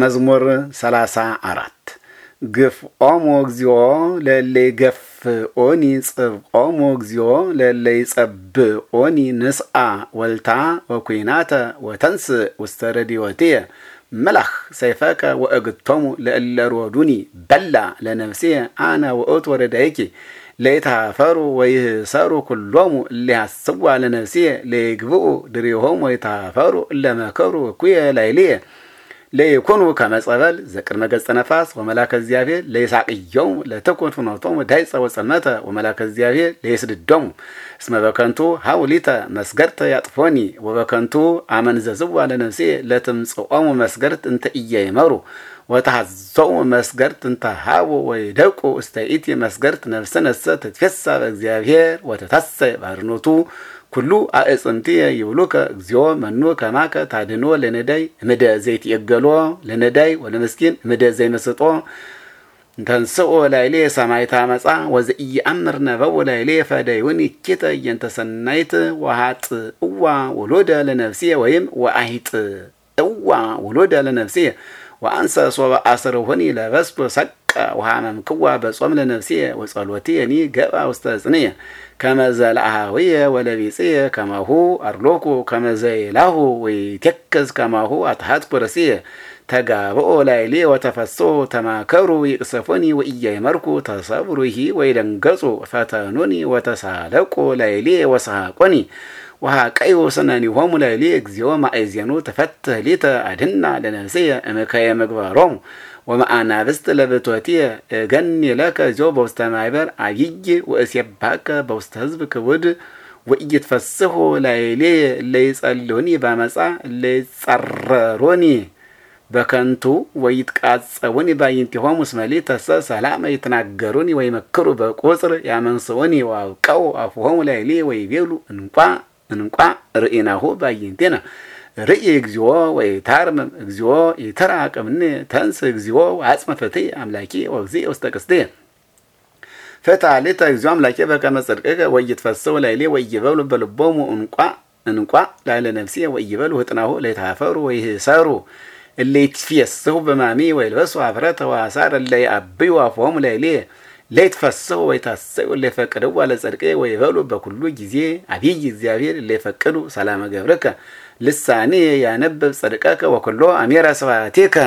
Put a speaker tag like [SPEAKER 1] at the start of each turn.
[SPEAKER 1] መዝሙር 34 ግፍ ኦሞ እግዚኦ ለለይ ገፍ ኦኒ ጽብ ኦሞ እግዚኦ ለለይ ጸብ ኦኒ ንስአ ወልታ ወኩናተ ወተንስ ውስተረዲወትየ መላኽ ሰይፈከ ወእግቶሙ ለእለ ሮዱኒ በላ ለነፍስየ አነ ወእቱ ወረዳይኪ ለይታፈሩ ወይህሰሩ ኩሎሙ እሊያስዋ ለነፍስየ ለይግብኡ ድሪሆም ወይታፈሩ እለመከሩ እኩየ ላይልየ ለየኮኑ ከመጸበል ዘቅድመ ገጸ ነፋስ ወመላከ እግዚአብሔር ለይሳቅየውም ለተኮን ፍኖቶም ዳይፀ ወጸመተ ወመላከ እግዚአብሔር ለይስድዶሙ እስመ በከንቱ ሀውሊተ መስገድተ ያጥፎኒ ወበከንቱ አመንዘዝዋ ለነፍሴ ለትምጽኦሙ መስገድት እንተ እየይመሩ ወተሐዘው መስገድት እንተ ሃቡ ወይደቁ እስተ ኢቲ መስገድት ነፍሰ ነሰ ትትፌሳ በእግዚአብሔር ወተታሰ ባርኖቱ ኩሉ አእጽንትየ ይብሉከ እግዚኦ መኑ ከማከ ታድኖ ለነዳይ እምደ ዘይትየገሎ ለነዳይ ወለመስኪን እምደ ዘይመስጦ እንተንስኦ ላይሌ ሰማይታ መጻ ወዘኢየአምር ነበው ላይሌ ፈደይውን ይኪተ እየንተሰናይት ወሃጥ እዋ ውሎደ ለነፍስየ ወይም ወአሂጥ እዋ ውሎደ ለነፍስየ ወአንሰ ሶበ አስርሁኒ ለበስቶ ሰቅ وهانا مكوا بصوم لنفسية وصلوتي يعني جبا وستصنية كما زالعاوية ولا بيصية كما هو أرلوكو كما زي له ويتكز كما هو أتحاد برسية تقابؤوا لايلي وتفسو تماكروا ويقصفوني وإيا مركو تصبروه ويلنقصوا فتنوني وتسالقوا لايلي وصحاقوني ወሃቀዮ ስነኒሆሙ ለእሊ እግዚኦ ማእዜኑ ተፈትህ ሊተ አድህና ለነፍስየ እምከየ ምግባሮሙ ወመአናብስት ለብቶትየ እገኒ ለከ እዚኦ በውስተ ማይበር አብይ ወእሴብሐከ በውስተ ህዝብ ክቡድ ወኢይትፈስሑ ላይሌ እለ ይጸልሁኒ ባመጻ በከንቱ ወይትቃጸውኒ ባይንቲሆሙ እስመ ሊተ ሰ ሰላመ ይትናገሩኒ ወይመክሩ በቁጽር ያመንስኡኒ ወአብቀው አፉሆሙ ላይሌ ወይቤሉ እንኳ እንኳ ርእይናሁ ባይንቴነ ርእይ እግዚኦ ወይ ታርምም እግዚኦ ይተራቅምኒ ተንስ እግዚኦ አጽመ ፈትይ አምላኪ ወግዚ ውስተ ቅስቴየ ፈታሊተ እግዚኦ አምላኬ በከመ ጽድቅከ ወኢይትፈስሑ ላዕሌ ወኢይበሉ በልቦሙ እንቋ እንቋ ላዕለ ነፍሴ ወኢይበሉ ህጥናሁ ለይታፈሩ ወይህሰሩ እለ ይትፌስሑ በማሚ ወይልበሱ ኀፍረተ ወአሳረ እለ አብዩ አፍሆሙ ላይሌ ለይትፈስሑ ወይታሰዩ ለይፈቅዱ ለጸድቅ ወይበሉ በኩሉ ጊዜ አብይ እግዚአብሔር ለይፈቅዱ ሰላመ ገብርከ ልሳኔ ያነብብ ጸድቀከ ወኩሎ አሜራ ስብሐቲከ